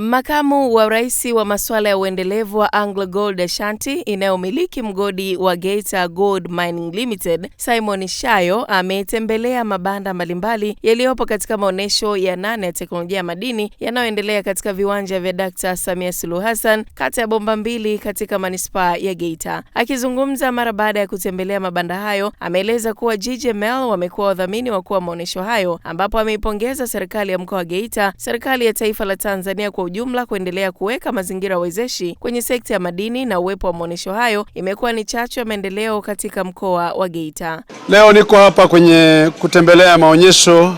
Makamu wa Rais wa masuala ya uendelevu wa Anglo Gold Ashanti inayomiliki mgodi wa Geita Gold Mining Limited, Simon Shayo ametembelea mabanda mbalimbali yaliyopo katika maonyesho ya nane ya teknolojia ya madini yanayoendelea katika viwanja vya Dkt. Samia Suluhu Hassan kata ya Bomba Mbili katika manispaa ya Geita. Akizungumza mara baada ya kutembelea mabanda hayo, ameeleza kuwa GGML wamekuwa wadhamini wakuu wa maonyesho hayo, ambapo ameipongeza serikali ya mkoa wa Geita, serikali ya taifa la Tanzania kwa ujumla kuendelea kuweka mazingira wezeshi kwenye sekta ya madini na uwepo wa maonyesho hayo imekuwa ni chachu ya maendeleo katika mkoa wa Geita. Leo niko hapa kwenye kutembelea maonyesho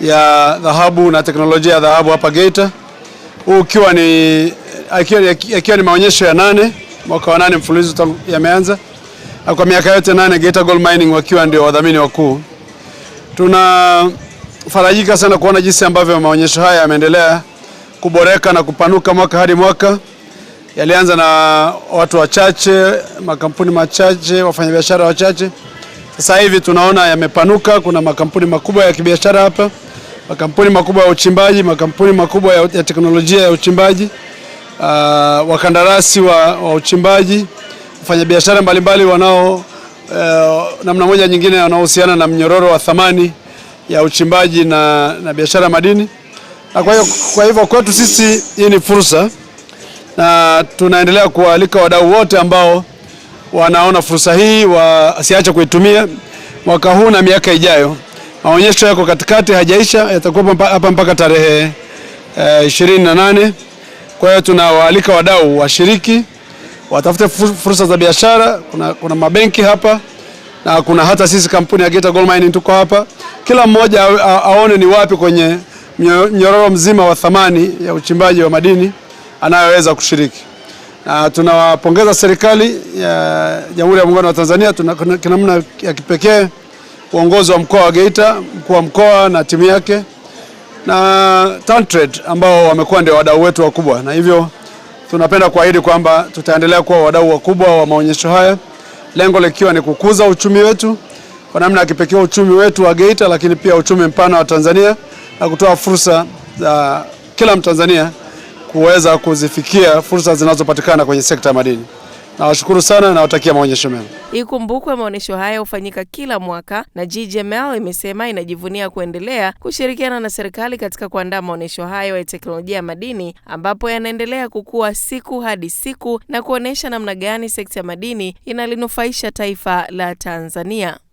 ya dhahabu na teknolojia ya dhahabu hapa Geita, huu ukiwa ni, akiwa ni maonyesho ya nane, mwaka wa nane mfululizo yameanza kwa miaka yote nane Geita Gold Mining wakiwa ndio wadhamini wakuu. Tunafarajika sana kuona jinsi ambavyo maonyesho haya yameendelea kuboreka na kupanuka mwaka hadi mwaka. Yalianza na watu wachache, makampuni machache, wafanyabiashara wachache. Sasa hivi tunaona yamepanuka, kuna makampuni makubwa ya kibiashara hapa, makampuni makubwa ya uchimbaji, makampuni makubwa ya, ya teknolojia ya uchimbaji, uh, wakandarasi wa, wa uchimbaji, wafanyabiashara mbalimbali wanao uh, namna moja nyingine wanaohusiana na mnyororo wa thamani ya uchimbaji na, na biashara madini. Na kwa hiyo kwa hivyo kwetu sisi hii ni fursa, na tunaendelea kualika wadau wote ambao wanaona fursa hii wasiache kuitumia mwaka huu na miaka ijayo. Maonyesho yako katikati, hajaisha, yatakuwa hapa mpaka tarehe eh, ishirini na nane. Kwa hiyo tunawaalika wadau washiriki, watafute fursa za biashara. Kuna, kuna mabenki hapa na kuna hata sisi kampuni ya Geita Gold Mining tuko hapa, kila mmoja aone ni wapi kwenye mnyororo mzima wa thamani ya uchimbaji wa madini anayoweza kushiriki, na tunawapongeza serikali ya Jamhuri ya Muungano wa Tanzania kwa namna ya kipekee uongozi wa mkoa wa Geita, mkuu wa mkoa na timu yake na Tantrade ambao wamekuwa ndio wadau wetu wakubwa, na hivyo tunapenda kuahidi kwamba tutaendelea kuwa wadau wakubwa wa maonyesho haya, lengo likiwa ni kukuza uchumi wetu kwa namna ya kipekee, uchumi wetu wa Geita, lakini pia uchumi mpana wa Tanzania na kutoa fursa za uh, kila Mtanzania kuweza kuzifikia fursa zinazopatikana kwenye sekta ya madini. Nawashukuru sana, nawatakia maonyesho mema. Ikumbukwe maonyesho haya hufanyika kila mwaka na GGML imesema inajivunia kuendelea kushirikiana na serikali katika kuandaa maonyesho hayo ya teknolojia ya madini ambapo yanaendelea kukua siku hadi siku na kuonesha namna gani sekta ya madini inalinufaisha taifa la Tanzania.